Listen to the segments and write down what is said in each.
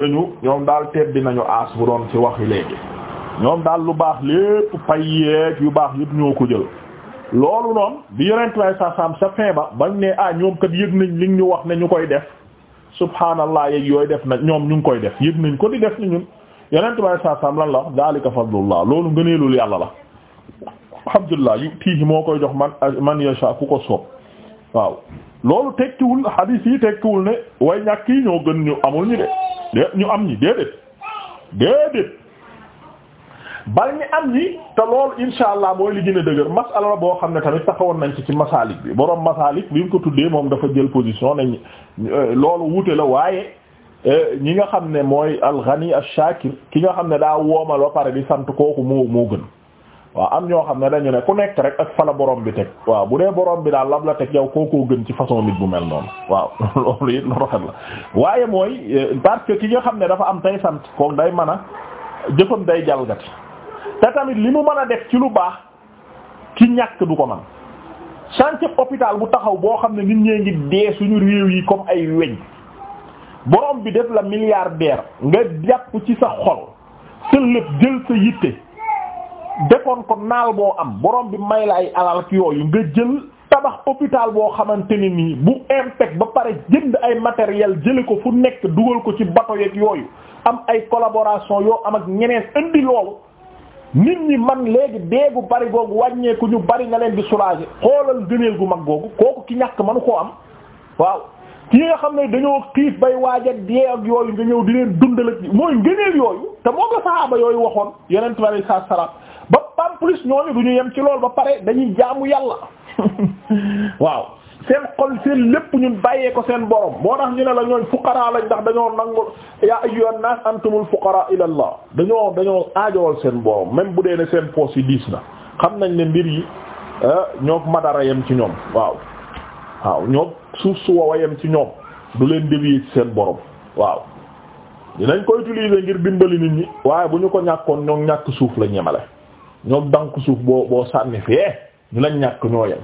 dañu ñoom daal tebbi nañu aas bu doon ci wax waxi léegi ñoom daal lu baax lépp pay yu baax yëpp ñoo ko jël loolu noonu bi yonent lay sa sam sa ba bañ ne ah ñoom kat yëg nañ li ñu wax ne ñu koy def subhaanallah yeeg yooyu def na ñoom ñu ngi koy def yëg nañ ko di def ni ñun yonent lay sa sam lan la wax daalika fadlullah loolu ngëneelul yàlla la alhamdulillah yu tiihi moo koy jox man a man yasha ku ko soob waaw loolu tekkiwul hadis yi tekkiwul ne way ñàkk yi ñoo gën ñu amul ñu de ñu am ñi déedéet déedéet bal ñi am ñi te loolu insha allah mooy li gën dëgër masala la boo xam ne tamit taxawoon nañ ci ci masaalik bi boroom masaalik bi mu ko tuddee moom dafa jël position nañ euh, loolu wute la waaye euh, ñi nga xam ne mooy al ghani ash-shakir ki nga xam ne daa woomal ba pare bi sant kooku moo moo gën waaw am ñoo xam ne dañu ne ku nekk rek ak fa boroom bi teg waaw bu dee boroom bi daal lab la teg yow kookoo gën ci façon nit bu mel noonu waaw loolu it lu rafet la waaye mooy euh, parce que ki nga xam ne dafa am tay sant kooku day man a jëfam day jalgati te tamit li mu mën a def ci lu baax ki ñàkk du ko man chantier hôpital bu taxaw boo xam ne nit ñee ngi dee suñu réew yi comme ay weñ borom bi def la milliardaire nga jàpp ci sa xol sa lépp jël sa yitte defoon ko naal boo am borom bi may la ay alal ak yooyu nga jël tabax hôpital boo xamante ni nii bu impact ba pare jënd ay matériel jële ko fu nekk dugal ko ci bato yeeg yooyu am ay collaboration yoo am ak ñeneen indi loolu nit ñi man léegi deegu bari googu wàññeeku ñu bari nga leen di soulager xoolal gëneel gu mag googu kooku ki ñàkk manu koo am waaw ki nga xam ne dañoo xiif bay waaja dee ak yooyu nga ñëw di leen dundal ak mooy ngëneel yooyu te moo nga saxaaba yooyu waxoon yeneen tubaab yi saa salaam ba par plus ñooñu du ñu yem ci lool ba pare dañuy jaamu yàlla waaw seen xol seen lépp ñun bàyyee ko seen borom moo tax ñu ne la ñooñ fuqara lañ ndax dañoo nangu yaa ayyuhan nas antumul fuqara ila dañoo dañoo aajowal seen borom même bu dee ne seen poos yi diis na xam nañ ne mbir yi ah, ñoo madara yem ci ñoom waaw waaw ñoo suuf su wow yem ci ñoom du leen dévier ci seen borom waaw dinañ ko utiliser ngir dimbali nit ñi waaye bu ñu ko ñàkkoon ñoo ñàkk suuf la ñemale ñoom dank suuf boo boo sànni fee ñu lañ ñàkk ñoo yem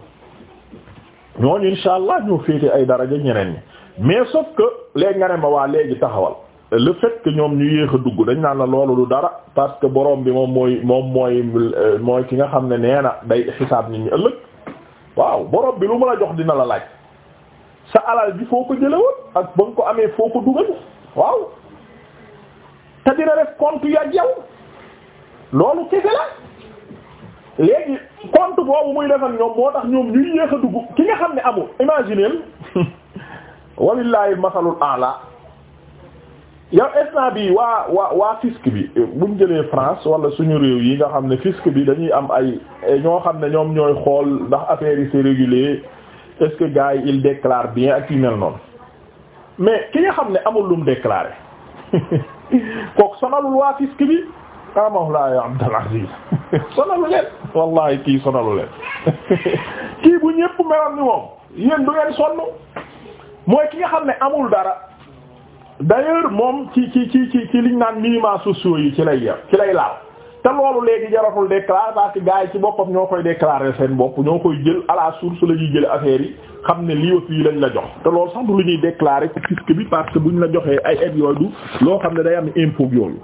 ñooñu insha allah ñoo féete ay daraja ñeneen ñi mais sauf que léegi nga ne ma waa léegi taxawal la fait ñoom ñu yéex a dugg dañ naan la loolu du dara parce que borom bi moom mooy moom mooy euh, mooy ki nga xam ne nee na day xisaab nit ñi ëllëg waaw borom bi lu mu la jox dina la laaj sa alal bi foo ko jëlee ak ba nga ko amee foo ko dugal waaw te dina def compte yu ak yow loolu kese la. léegi compte boobu muy def ak ñoom moo tax ñoom ñuy yéex a dugg ki nga xam ne amul imagineel walillahi masalul ala yow instant bi waa waa waa fisc bi bu jëlee France wala suñu réew yi nga xam ne fisc bi dañuy am ay ñoo xam ne ñoom ñooy xool ndax affaire yi c'est régulé est-ce que gars yi il déclare bien ak yu mel noonu mais ki nga xam ne amul lu mu déclarer kooku sonalul waa fisc bi. qaamahu laa ya Abdul Aziz sonalu leen wallahi kii sonalu leen kii bu ñëpp meloon ni moom yéen du ngeen sonn mooy ki nga xam ne amul dara d'ailleurs moom ci ci ci ci ci liñ naan minima sociaux yi ci lay yar ci lay laal te loolu léegi jaratul déclarer parce que gars yi ci boppam ñoo koy déclarer seen bopp ñoo koy jël à la source la ñuy jële affaire yi xam ne lii fii lañ la jox te lool sax du lu ñuy déclarer fisc bi parce que buñ la joxee ay aides yooyu du loo xam ne day am impôt yooyu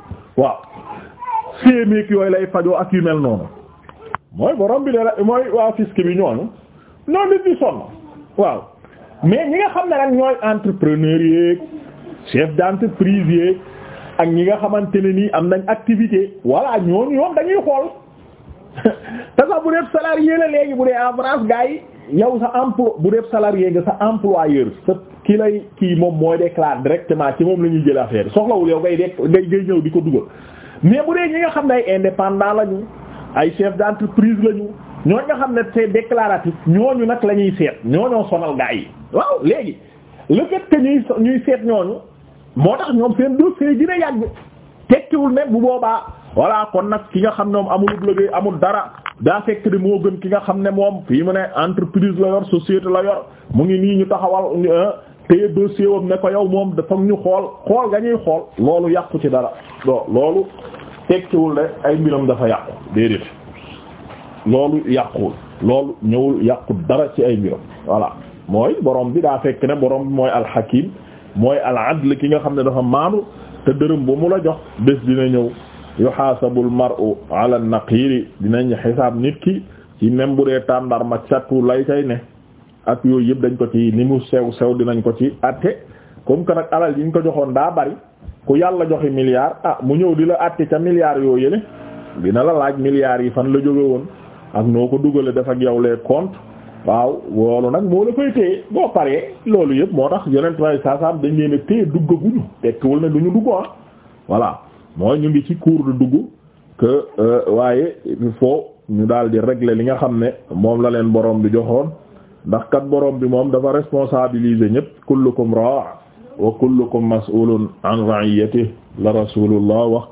séeméek yooyu lay fajoo ak yu mel noonu mooy borom bi de mooy waa fisc bi ñooñu ñoo nit ñi sonn waaw mais ñi nga xam ne nag ñooy entrepreneur yeeg chef d'entreprise yeeg ak ñi nga xamante ne nii am nañ activité voilà ñooñu ñoom dañuy xool te sax bu dee salarié la léegi bu dee en France gars yi yow sa emploi bu dee salarié nga sa employeur sa ki lay kii moom mooy déclare directement ci moom la ñuy jël affaire soxlawul yow ngay dee ngay ñëw di ko dugal mais bu dee ñi nga xam ne ay indépendant lañu ay chef d'entreprise lañu ñooñu nga xam ne c'est déclaratif ñooñu nag la ñuy seet ñooñoo sonal gaa yi waaw léegi le fait que ñuy ñuy seet ñooñu moo tax ñoom seen dossier dina yàgg tekkiwul ne bu boobaa voilà kon nag ki nga xam ne moom amul liggéey amul dara daa fekk de moo gën ki nga xam ne moom fii mu ne entreprise la yor société la yor mu ngi nii ñu taxawal euh, te dossier wam ne ko yow moom dafa ñu xool xool nga ñuy xool loolu yàqu ci dara bon tekkiwul rek ay mbiram dafa yàqu déedéet loolu yàquwul loolu ñëwul yàqu dara ci ay mbiram voilà mooy borom bi daa fekk ne borom bi mooy alxakim mooy aladl ki nga xam ne dafa maanu te dërëm bu mu la jox bés dina ñëw yuhaasabul mar'u ala naqiri dinañ xisaab nit ki ci même bu dee tàndar ma catu lay tay ne ak yooyu yëpp dañ ko ci ni mu sew sew dinañ ko ci atte comme que nag alal yi ñu ko joxoon daa bari ku yàlla joxe milliard ah mu ñëw di la àtte ca milliards yoo yële dina la laaj milliards yi fan la jóge woon ak noo ko dugale def ak yow les comptes waaw loolu nag moo la koy téye boo paree loolu yëpp moo tax yonent may saasaam dañ leen téye duggaguñu tekkiwul ne duñu dugg ah voilà mooy ñu ngi ci cours de dugg que euh, waaye il ñu daal di li nga xam ne moom la leen borom bi joxoon ndax kat borom bi moom dafa responsabiliser ñëpp kullukum ra wa kullukum mas'ulun an ra'iyatihi la rasulullah wax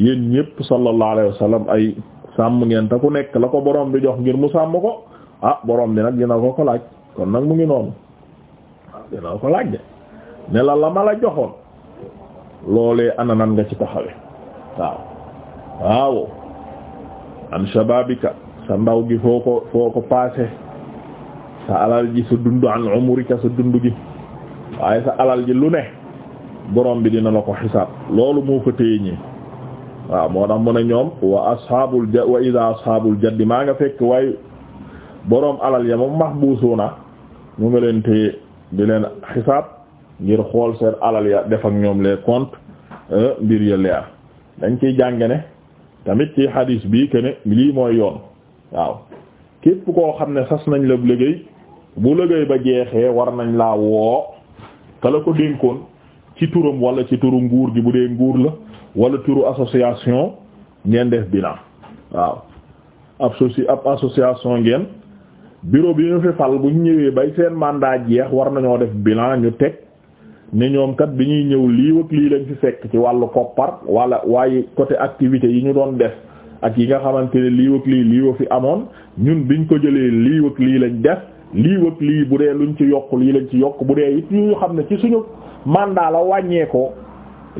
yéen ñëpp sallallahu ay sàmm ngeen te nekk la ko boroom bi jox ngir mu sàmm ko ah borom bi nag dina ko ko laaj kon nag mu ngi noonu ah dina ko laaj ne la la ma la joxoon loolee ananan nga ci taxawe waaw waaw an shababika sa ndaw gi foo ko foo ko paase sa alal ji sa dund an umrika sa dund gi waaye sa alal ji lu ne borom bi dina la ko xisaab loolu moo fa téye ñi waaw moo tax mu ne ñoom wa ashaabul ja wa ida ashaabul jaddi maa nga fekk waaye boroom alal ya moom na mu nga leen téye di leen xisaab ngir xool seen alal ya def ak ñoom les comptes euh, mbir ya leer dañ ciy jànge ne tamit ci hadis bi que ne lii mooy yoon waaw képp koo xam ne sas nañ la liggéey bu liggéey ba jeexee war nañ laa woo te la ko dénkoon ci turam walla ci turu nguur gi bu dee nguur la wala turu association ngeen def bilan waaw ab soci ab association ngeen bureau bi ñu fi fal bu ñu ñëwee bay seen mandat jeex war nañoo def bilan ñu teg ne ñoom kat bi ñuy ñëw lii ak lii lañ fi fekk ci wàllu koppar wala waaye côté activité yi ñu doon def ak yi nga xamante ne lii ak lii lii fi amoon ñun biñ ko jëlee lii lii lañ def lii wëg lii bu dee luñ ci yokk lii lañ ci yokk bu dee it yu xam ne ci suñu mandat la wàññeekoo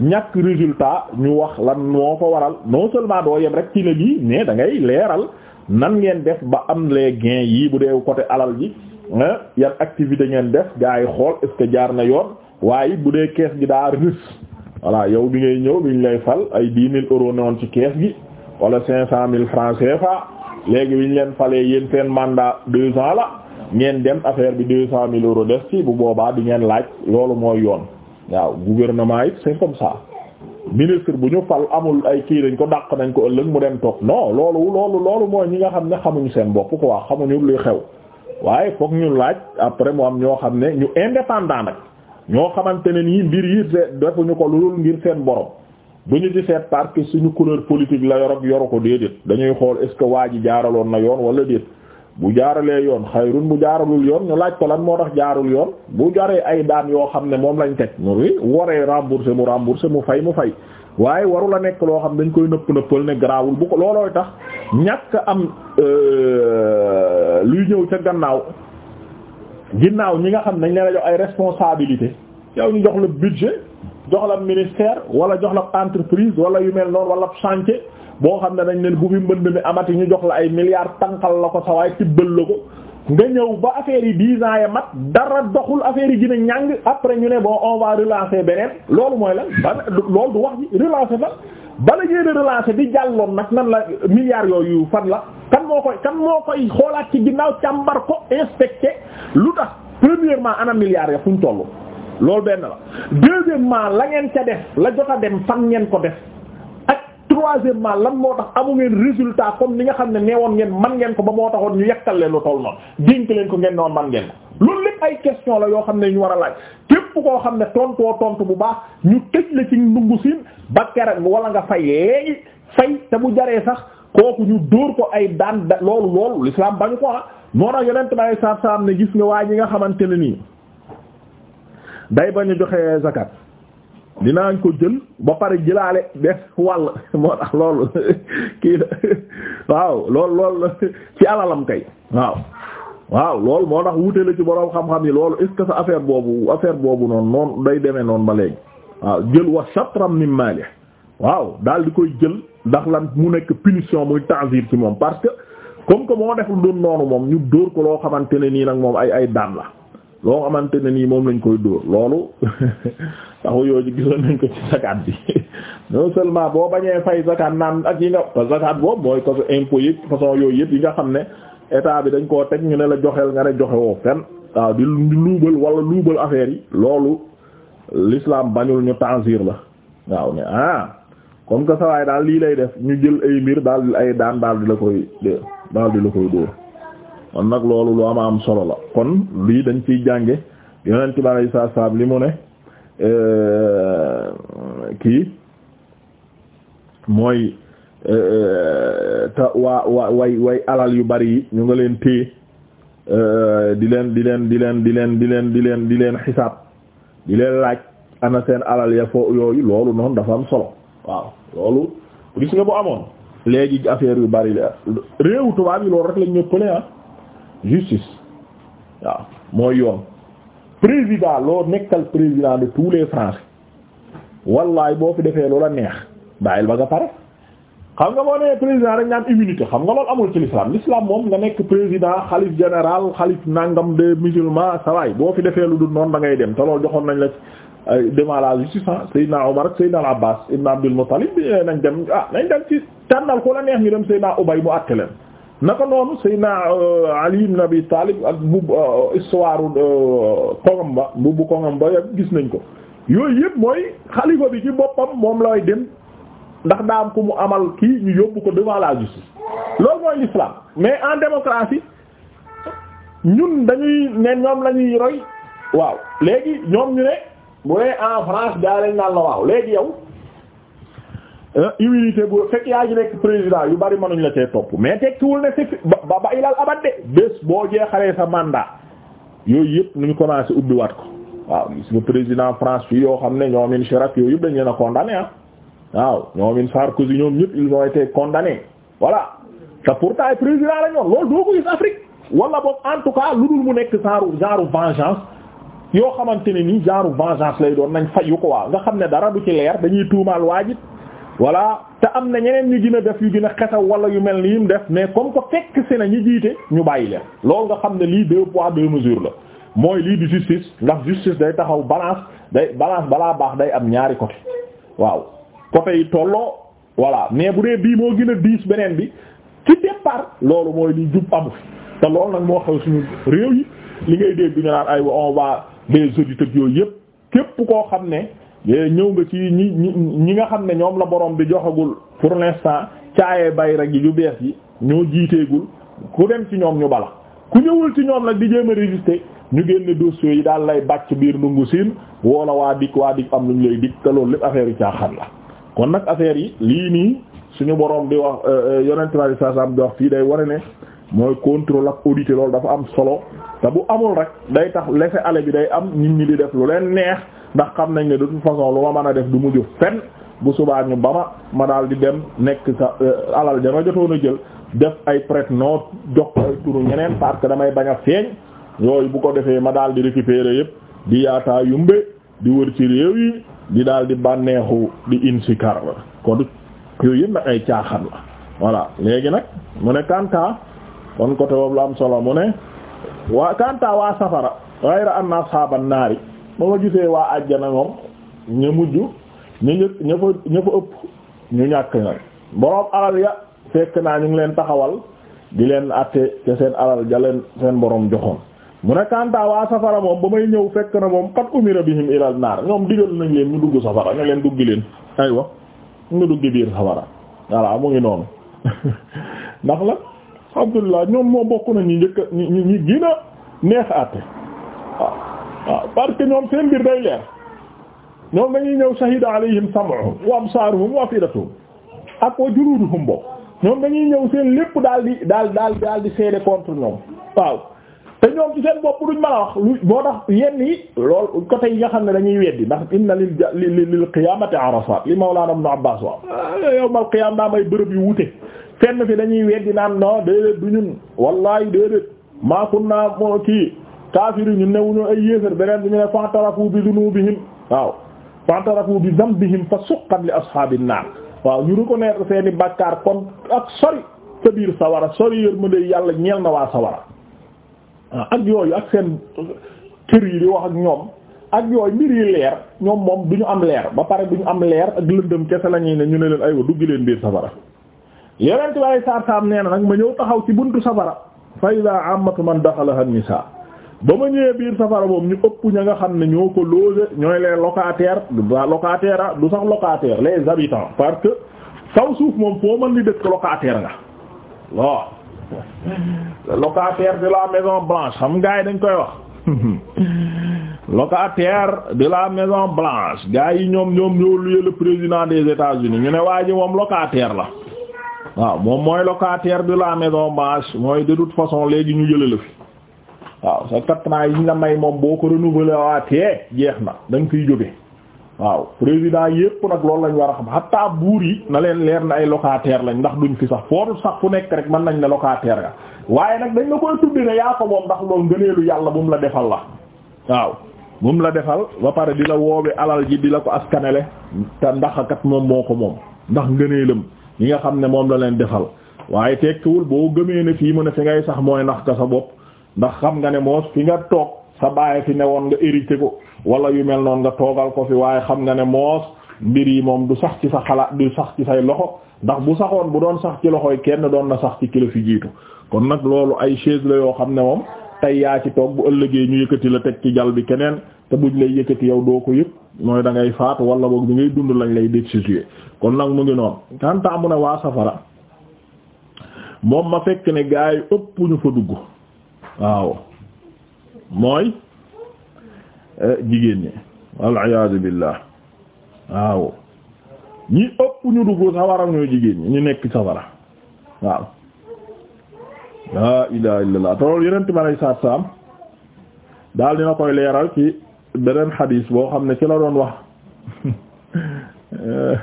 ñàkk résultat ñu wax lan moo ko waral non seulement doo yem rek ci ne lii mais da ngay leeral nan ngeen def ba am les gains yii bu dee côté alal ji yan activité ngeen def gaa yi xool est que jaar na yoon waaye bu dee kees gi daa rës voilà yow bi ngay ñëw ñu lay fal ay dix mille euros newoon ci kees gi wala cinq cent mille francs CFA léegi bi ñu leen falee seen mandat deux ans ngeen dem affaire bi deux cent mille euros def ci bu boobaa di ngeen laaj loolu mooy yoon waaw gouvernement yi c'est comme ça ministre bu ñu fal amul ay kii dañ ko dàq nañ ko ëllëg mu dem toog non loolu loolu loolu mooy ñi nga xam ne xamuñu seen bopp quoi xamuñu luy xew waaye foog ñu laaj après mu am ñoo xam ne ñu indépendant nag ñoo xamante ne nii mbir yi defuñu ko lu dul ngir seen borom bu ñu ci seet parce que suñu couleur politique la yorog yoru ko déedéet dañuy xool est-ce que waa ji jaaraloon na yoon wala déet bu jaaralee yoon xayrun mu jaaralul yoon ñu laaj ko lan moo tax jaarul yoon bu jaree ay daan yoo xam ne moom lañ teg mu waree remboursé mu remboursé mu fay mu fay waaye waru la nekk loo xam dañ koy nëpp nëppal ne garaawul bu ko loolooy tax ñàkk am euh, luy ñëw ca gannaaw ginnaaw ñi nga xam ne leen a jox ay responsabilité yow ñu jox la budget jox la ministère wala jox la entreprise wala yu mel noonu wala chantier boo xam ne dañ leen bu fi mbënd mi amati ñu jox la ay milliards tànqal la ko sa waay tibbal la ko nga ñëw ba affaire yi dix ans ya mat dara doxul affaire yi gën a après ñu ne bon on va relancer beneen loolu mooy la ba loolu du wax ji relancer fa bala ngeen a relancer di jàlloon nag nan la milliards yooyu fan la kan moo koy kan moo koy xoolaat ci ginnaaw càmbar ko inspecté lu tax premièrement ana milliards ya fu ñu tollu loolu benn la deuxièmement la ngeen ca def la jot a dem fan ngeen ko def ak troisièmement lan moo tax amu ngeen résultat comme ni nga xam ne neewoon ngeen man ngeen ko ba moo taxoon ñu yekkal lu toll noonu dénk leen ko ngeen noonu man ngeen ko loolu lépp ay question la yoo xam ne ñu war a laaj képp koo xam ne tontoo tontu bu baax ñu tëj la ci ndungu siin ba keroog wala nga fay léegi fay te bu jaree sax kooku ñu dóor ko ay daan da loolu loolu l'islam bañu ko ah moo tax yonent bi sallallahu alayhi wasallam ne gis nga waa ñi nga xamante ne nii. day bañ a joxe zakat dinaañ ko jël ba pare jëlaale def wàll moo tax loolu kii waaw loolu loolu ci alalam kay waaw waaw loolu moo tax wutee la ci boroom xam yi loolu est affaire boobu affaire boobu noonu noonu day demee noonu ba léegi waaw jël wa shatram min waaw daal di koy jël ndax lan mu nekk punition muy ta'zir ci moom parce que comme que moo def lu noonu moom ñu dóor ko loo xamante ne nii nag moom ay ay daan la loo xamante ne nii moom lañ koy dóor loolu taxu yooyu gisoon nañ ko ci zakat bi non seulement boo bañee fay zakat naan ak yi nga zakat boobu mooy ko impôt yi yooyu yëpp yi nga xam ne état bi dañ koo teg ñu ne la joxeel nga ne joxe woo fenn waaw di luubal wala luubal affaire yi loolu l'islam bañul ñu tanzir la waaw ne ah comme que daal lii lay def ñu jël ay mbir daal ay daan daal di la koy daal di la koy dóor kon nag loolu lu ama am solo la kon lii dañ ciy jànge yonent bi alayhi salaatu saab li mu ne eh, kii mooy eh, te waa way way alal yu bari yi ñu nga leen téye eh, di leen di leen di leen di leen di leen di leen di leen xisaab di leen laaj ana seen alal ya fo yooyu loolu noonu dafa am solo waaw loolu gis nga bu amoon léegi affaire yu bari la réewu tubaab yi loolu rek lañ ñëppale ah justice waaw mooy yoon président loo nekkal président de tous les français wallaay boo fi defee la neex bàyyil ba nga pare xam nga moo nee président rek ñaan immunité xam nga lool amul ci l'islam l'islam moom nga nekk président xalif général xalif nangam des musulmans sawaay boo fi defee lu dul noonu da ngay dem te loolu joxoon nañ la devant la justice ah, Seydina Omar ak Seydina Abbas ibn Abdul Muttalib eh, nañ dem ah nañ dem ci tànnal ku la neex ñu dem Seydina Ubay naka noonu Seydina euh, Ali ibn Abi Talib ak bu euh, histoire euh, kongam ba bu kongam ba gis nañ ko yooyu yëpp mooy xalifa bi ci boppam moom lay dem ndax daa ku mu amal kii ñu yóbbu ko devant la justice loolu mooy l'islam mais en démocratie ñun dañuy ne ñoom lañuy ñuy roy waaw léegi ñoom ñu ne bu dee en France daa lañ naan la waaw léegi yow Euh, immunité bu fekk yaa ngi nekk président yu bari mënuñ la cee topp mais tekkiwul ne si ba ba ilal abad de bés boo jeexalee sa mandat yooyu yëpp ñu commencé ubbiwaat ko waaw gis nga président France fii yoo xam ne ñoomin Chirac yooyu yëpp dañ leen a condamné ah waaw ñoomin Sarkozy ñoom ñëpp ils ont été condamnés wala te pourtant ay président la ñoon loolu doo ko gis Afrique wala boog en tout cas lu dul mu nekk genre genre vengeance yoo xamante ne nii genre vengeance lay doon nañ fayu ko waaw nga xam ne dara du ci leer dañuy tuumaal waajit voilà te am na ñeneen ñu gën a def yu gën a xesaw wala yu mel ni mu def mais comme que fekk si na ñu jiite ñu bàyyi leen lool nga xam ne lii deux poids deux mesures la mooy lii di justice ndax justice day taxaw balance day balaa baax day am ñaari côté waaw côté yi tolloo voilà mais bu dee bii moo gën a diis beneen bi ci départ loolu mooy li jub amu fi te loolu nag moo xew suñu réew yi li ngay dégg du ñu naan ay on va des auditeurs yooyu yëpp képp koo xam ne. Eh, ñëw nga ci ñi ñi nga xam ne ñoom la borom bi joxagul pour l'instant caaye bay rek yi yu bees yi ñoo jiiteegul ku dem ci ñoom ñu bala ku ñëwul ci ñoom nag di jéem a résister ñu génne dossiers yi daal lay bàcc biir ndungu siin woola waa dikk waa dikk am lu ñu lay dikk te loolu lépp affaire yi caaxaan la kon nag affaire yi lii nii suñu borom bi wax euh, euh, yonent bi saa saam di wax fii day ware ne mooy contrôle ak auditer loolu dafa am solo te bu amul rek day tax laisser-aller bi day am nit ñi di def lu leen neex ndax xam nañ ne de toute façon lu ma mën a def du mujj fenn bu subaa ñu ba ma ma daal di dem nekk sa euh, alal dama jotoon a jël def ay prêt noo jox ko ay turu ñeneen parce que damay bañ feeñ yooyu bu ko defee ma daal di récupérer yëpp di yaataa yumbe di wër ci réew yi di daal di bànneexu di insikar la kon yooyu yëpp nag ay caaxaan la voilà léegi nag mu ne Kanta kon côté boobu la am solo mu ne waa Kanta waa safara ghayra anna ashaban naari ba ma gisee waa àjjana moom ñu mujj ñu njëkk ña fa ña fa ëpp ñu ñàkk na boroom alal ya fekk naa ñu ngi leen taxawal di leen àtte ca seen alal ja leen seen borom joxoon mu ne Kanta waa safara moom ba may ñëw fekk na moom qad umira bihim ilal naar ñoom digal nañ leen ñu dugg safara ñu leen dugg leen ay aywa ñu dugg biir safara voilà mu ngi noonu ndax la Abdullah ñoom moo bokk na ñu njëkk ñi ñi gën neex àtte waaw ah, parce que ñoom seen mbir day leer ñoom dañuy ñëw shahida alayhim sam'uhum wa absaaruhum wa afidatuhum ak wa juluduhum bo ñoom dañuy ñëw seen lépp daal di daal daal daal di seede contre ñoom waaw te ñoom ci seen bopp duñ mën a wax lu tax yenn yi lool côté yi nga xam ne dañuy weddi ndax inna lil lil qiyamati arasat li mawlana ibn abbas wa ah, yawmal qiyam daa may bërëb yu wute fenn fi dañuy weddi naan non déedéet du ñun wallahi déedéet maa kunna mo kaafir ñu newuñu ay yéefar beneen bi ñu ne fa'tarafu bi dunubihim waaw fa'tarafu bi dhanbihim fa suqqan li ashaabin naar waaw ñu reconnaître seeni bàkkaar kon ak sori sa biir sawara sori yërmande yàlla ñeel na waa sawara ak yooyu ak seen kër yi di wax ak ñoom ak yooyu mbir yi leer ñoom moom du ñu am leer ba pare du ñu am leer ak lëndëm kese la ñuy ne ñu ne leen aywa duggi leen biir a yeneen ci laay saar saam nee na nag ma ñëw taxaw ci buntu safara fa man daxalaha nisa ba ma ñëwee biir safara moom ñu ëpp ñu nga xam ne ñoo ko loger ñooy les locataires la locataire ah du sax locataire les habitants parce que kaw suuf moom foo mën ni dëkk locataire nga waaw locataire de la maison blanche xam gars dañ koy wax locataire de la maison blanche gars yi ñoom ñoom ñoo luyee le président des États-Unis ñu ne waa ji moom locataire la waaw moom mooy locataire de la maison blanche mooy de toute façon léegi ñu jëlee la fi. waaw sa quatre yi ñu la may moom boo ko waa waatee jeex na da nga fiy jóge waaw président yépp nag lool lañ war a xam xataa buur yi na leen leer na ay locataire lañ ndax duñ fi sax foofu sax fu nekk rek mën nañ ne locataire nga waaye nag dañ la koy tuddi ne yaa ko moom ndax loolu ngëneelu yàlla bu mu la defal la waaw bu mu la defal ba pare di la woowe alal ji di la ko askanele te ndax kat moom moo ko moom ndax ngëneelam yi nga xam ne moom la leen defal waaye tekkiwul boo gëmee ne fii sax mooy nax ka sa bopp ndax xam nga ne moos fi nga toog sa baay fi ne woon nga hérité ko wala yu mel noon nga toogal ko fi waaye xam nga ne moos mbir yi moom du sax ci sa xalaat du sax ci say loxo ndax bu saxoon bu doon sax ci loxoy kenn doon na sax ci kilo fi jiitu kon nag loolu ay chaise la yoo xam ne moom tey yaa ci toog bu ëllëgee ñu yëkkati la teg ci jal bi keneen te buñ lay yëkkati yow doo ko yëg mooy da ngay faatu wala boog bi ngay dund lañ lay destituer kon nag mu noonu kanta mu ne waa safara moom ma ne gaa yi ëpp ñu fa dugg waaw mooy eh, jigéen ñi waliyasu billah waaw ñi ëpp ñu dugg sawara ñooy jigéen ñi ñu nekk sawara waaw laa ilaha illallah tolool yenent mi alay saatu salaam daal dina koy leeral ci beneen xadiis boo xam ne ci la doon wax eh,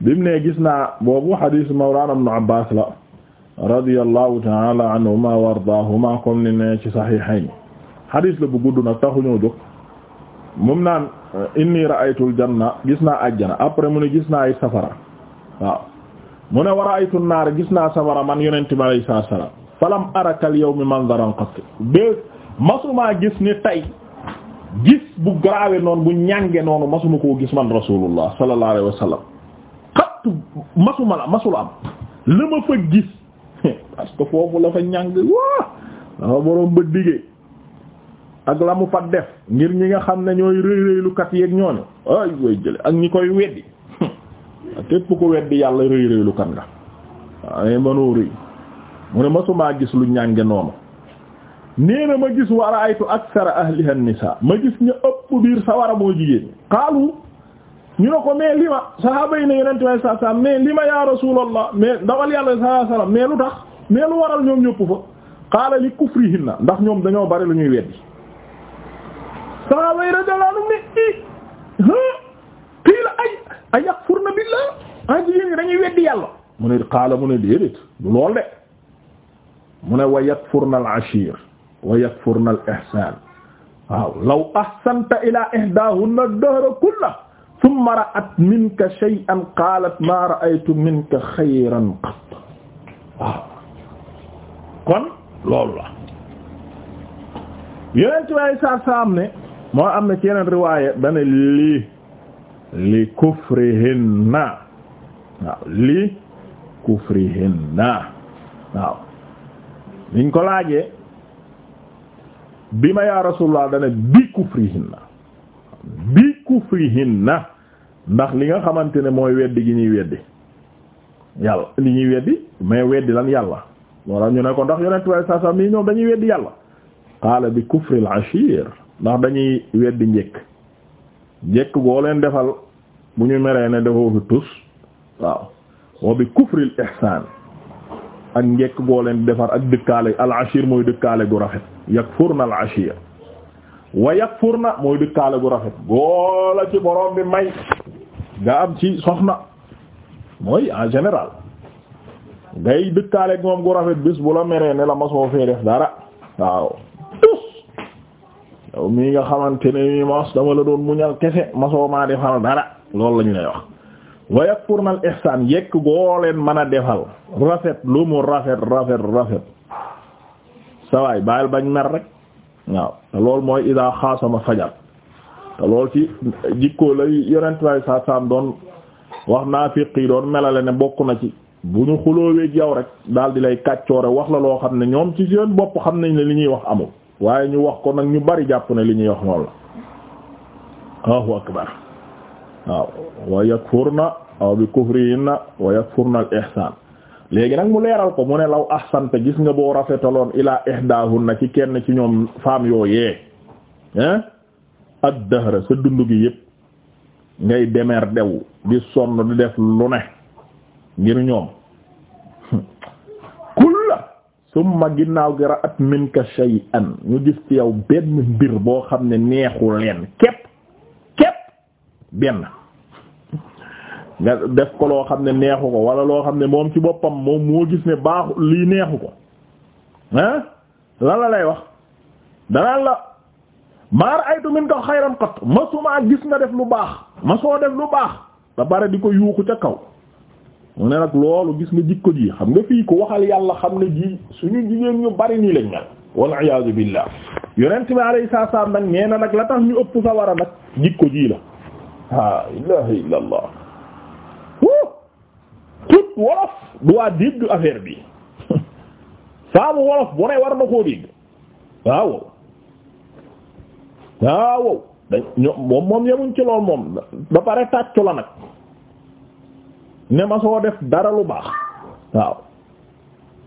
bi mu ne gis naa boobu xadiis mawlana ibn abbas la radiyallahu taala anhuma wa ardaahuma comme ni ne ci sahihayn xadis la bu gudd nag taxuñoo jóg moom naan inni ra'aytul janna gis naa ajjana après mu ne gis naa it safara waaw mu ne wa ra'aytun naar gis naa safara man yonente bi alayhi salaatu salaam falam arakal yawmi manzaran qat bés masumaa gis ni tay gis bu garaawe noonu bu ñànge noonu masuma koo gis man rasulullah sallallahu alayhi wa sallam xattu masuma la masula am la ma fa gis parce que foofu la fa ñàng waa dafa boroom ba diggee ak la mu fa def ngir ñi nga xam ne ñooy rëy rëylukat yeeg ñooñu ay way jële ak ñi koy weddi képp ko weddi yàlla rëy rëylukat nga waaye mënoo rëy mu ne masumaa gis lu ñànge noonu nee na ma gis waraaytu aksara ahliha nisa ma gis ñu ëpp biir sawara moo jigéen xaalu ñu ne ko mais li ma sahaaba yi ne yonente may sa salam mais li ma ya rasulallah mais dawal yàlla sallallahu alayhi wasallam mais lu tax mais lu waral ñoom ñëpp fa qaala li kufrihinna ndax ñoom dañoo bari lu ñuy weddi sahaaba yi radiyallahu qiila ay ay yakfurna billah a jigéen ñi dañuy weddi yàlla mu ne qaala mu ne déedéet du lool de mu ne wa yakfurna al ashir wa yakfurna al ihsan law ahsanta ila ihdahunna ad-dahra kullahu thumma ra'at minka shay'an qaalat ma ra'aytu minka xayran qatt waaw kon loolu la yeneen ci waaye saa saa am ne moo am na ci yeneen riwaaye dane lii li kufrihinna waaw li kufrihinna waaw liñ ko laajee bi ma yaa rasulullah dane bi kufrihinna bi kufrihinna ndax li nga xamante ne mooy weddi gi ñuy weddi yàlla li ñuy weddi mais weddi lan yàlla moo la ñu ne ko ndax yonent way sa sa mii ñoom dañuy weddi yàlla qaala bi kufril ashir ndax dañuy weddi njëkk njëkk boo leen defal bu ñu meree ne defoo fi tus waaw wa bi kufril ihsaan ak njëkk boo leen defar ak dëkkaale al ashir mooy dëkkaale gu rafet yakfurna al ashir wa na mooy dëkkaale gu rafet goola ci borom bi may nga am ci soxna mooy en général ngay dëkkaale ak moom gu rafet bis bu la meree ne la ma fee def dara waaw tus yow mii nga xamante ne mii mos dama la doon muñal kese ma soo maa defal dara loolu lañu lay wax wa yakfurna al ihsan yekk gooleen mën a defal rafet lu mu rafet rafet rafet sawaay bàyyil bañ mer rek waaw te loolu mooy ida xaasama fajar te loolu ci jikkoo lay yonent way sa sam doon wax naafiq yi doon melale ne bokk na ci bu ñu xulóoweeg yow rek daal di lay kàccoore wax la loo xam ne ñoom ci seen bopp xam nañ ne li ñuy wax amul waaye ñu wax ko nag ñu bari jàpp ne li ñuy wax noonu la Allahu akbar waaw wa yakfurna aw bi kufrihinna wa yakfurna al ihsan léegi nag mu leeral ko mu ne law ahsanta gis nga boo rafetaloon ilaa ihdahunna ci kenn ci ñoom femme yooyee hein ad-dahra sa dund gi yépp ngay demer dew di sonn di def lu ne ngir ñoom kulla summa ginnaaw gi ra'at minka shay'an ñu gis ci yow benn mbir boo xam ne neexu leen képp képp benn nga def ko loo xam ne neexu ko wala loo xam ne moom ci boppam moom moo gis ne baaxu lii neexu ko ah lan la lay wax danaan la maar aytu min ko xayran qat masumaa gis nga def lu baax ma masoo def lu baax ba bari di ko yuuxu ca kaw mu ne nag loolu gis nga jikko ji xam nga fii ko waxal yàlla xam ne ji suñu jigéen ñu bari nii lañ mel wal iyaadu billah yonent bi alayhi salaam nag nee na nag la tax ñu ëpp sa war a nag jikko ji la ah ilaha illa wuu tout wolof du waa dégg affaire bi saabu wolof bu ne war na koo dégg waaw waaw dañ moom moom yemuñ ci lool moom ba pare tàccu la nag ne ma soo def dara lu baax waaw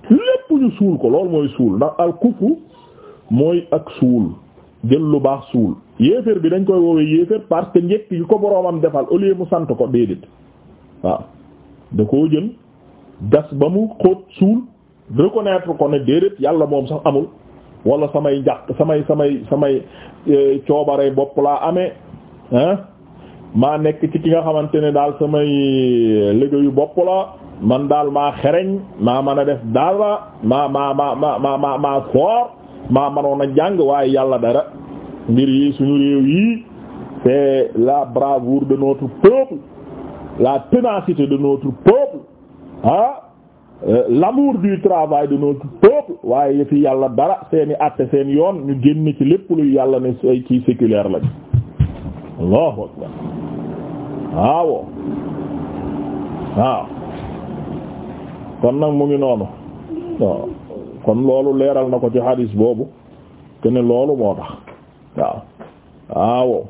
lépp ñu suul ko loolu mooy suul ndax al mooy ak suul jël lu baax suul yéeféer bi dañ koy woowee yéeféer parce que njëkk yi ko boroomam defal au mu sant ko déedéet waaw da koo jël gas ba mu xóot suul reconnaître ko déedéet yàlla moom sax amul walla samay njàq samay samay samay euh, coobare bopp laa amee maa nekk ci ki nga xamante ne daal samay euh, liggéeyu bopp la man daal maa xereñ maa mën a def daal la maa maa ma maa maa manoon a jàng waaye yàlla dara mbir yi suñu réew yi c'est la bravoure de notre peuple la ténacité de notre peuple ah euh, l'amour du travail de notre peuple waaye yëfi yàlla dara seeni àtte seen yoon ñu génn ci lépp luy yàlla ne say kii séculaire lañu allahu akbar waaw waaw kon nag mu ngi noonu kon loolu leeral na ko ci hadis boobu te loolu moo tax waaw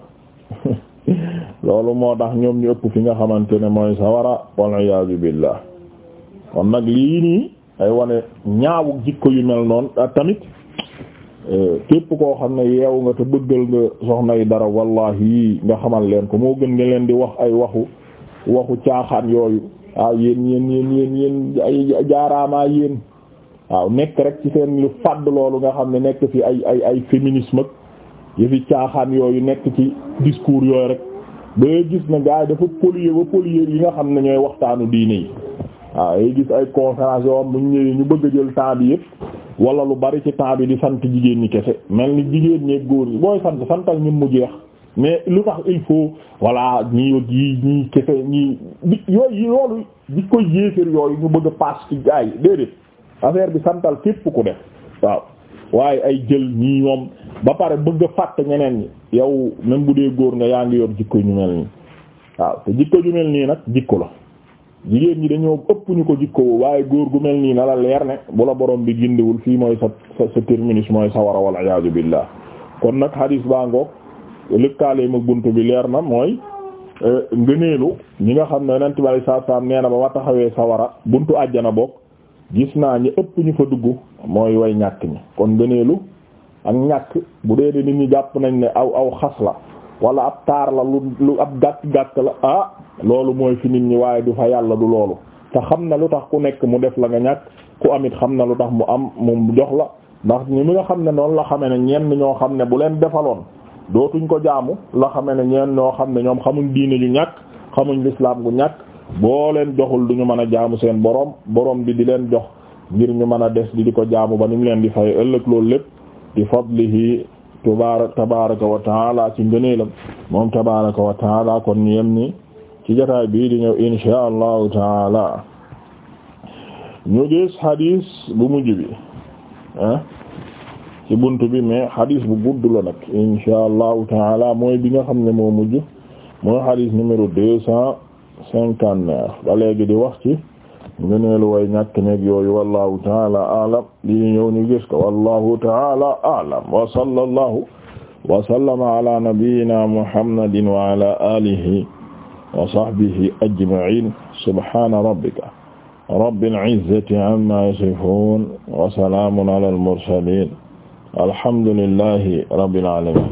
loolu moo tax ñoom ñu ëpp fi nga xamante ne mooy sawara wal iyaazu billah kon nag lii ay wane ñaawu jikko yu mel noonu ak euh, képp koo xam ne yeewu nga te bëggal nga soxna yi nga xamal leen ko moo gën nga leen di wax ay waxu waxu caaxaan yooyu waaw yéen yéen yéen ay jaaraamaa yéen waaw nekk rek ci seen lu fàdd loolu nga xam ne nekk fi ay ay ay féminisme ak yëfi caaxaan yooyu nekk ci discours yooyu rek da ngay gis ne gars yi dafa polluer ba polluer yi nga xam ne ñooy waxtaanu diine yi waaw day gis ay conférence yoo am bu ñu ñëwee ñu bëgg a jël temps bi yëpp wala lu bari ci temps bi di sant jigéen ñi kese mel ni jigéen ñeeg góor yi booy sant santal ñun mu jeex mais lu tax il faut voilà ñii ak yii ñii kese ñii bi yooyu loolu di koy yéeféer yooyu ñu bëgg a paas ci gars yi déedéet affaire bi santal képp ku def waaw waaye ay jël ñii ñoom ba pare bëgg a ñeneen yi yow même bu dee góor nga yaa ngi yor jikko ñu mel nii waaw te jikko ju mel nii nag jikko la jigéen ñi dañoo ëpp ñu ko jikko waaye góor gu mel nii na la leer ne bu la borom bi gindiwul fii mooy sa sa terminus mooy sa war a wal iyaazu billah kon nag hadis baa ngoog lëkkaale ma bunt bi leer na mooy e, ngëneelu ñi nga xam ne yonent bi alayhi salaatu salaam nee na ba ma taxawee sawara buntu àjjana bokk gis naa ñi ëpp ñu fa dugg mooy way ñàkk ñi kon ngëneelu ak ñàkk bu dee de nit ñi jàpp nañ ne aw aw xas la wala ab taar la lu ab gàtt-gàtt la ah loolu mooy fi nit ñi waaye du fa yàlla du loolu te xam na lu tax ku nekk mu def la nga ñàkk ku amit xam na lu tax mu am mu jox la ndax ñi nga xam ne noonu la xame ne ñenn ñoo xam ne bu leen defaloon dootuñ ko jaamu la xamee ne ñeen ñoo xam ne ñoom xamuñ diine ju ñàkk xamuñ lislaam gu ñàkk boo leen joxul du ñu mën a jaamu seen boroom boroom bi di leen jox ngir ñu mën a des di di ko jaamu ba ni mu leen di fay ëllëg loolu lépp bi fadlihi tubaarak tabaraka wa taala ci ngëneelam moom tabaraka wa kon ñu yem ni ci jotaay bii di ñëw insha taala ñu hadis bu mujj bi ah ci buntu bi mais hadis bu gudd la nag insha allahu taala mooy bi nga xam ne moo mujj mooy hadis numéro deux di wax ngëneelu way ñàkk nekk yooyu wallahu taala aalam li ñu ñëw ñu gis ko wallahu taala aalam wa sallallahu wa sallama ala nabiyyina muhammadin wa ala alihi wa sahbihi ajma'in subhana rabbika rabbil izzati amma yasifun wa salamun ala al mursalin alhamdulillahi rabbil alamin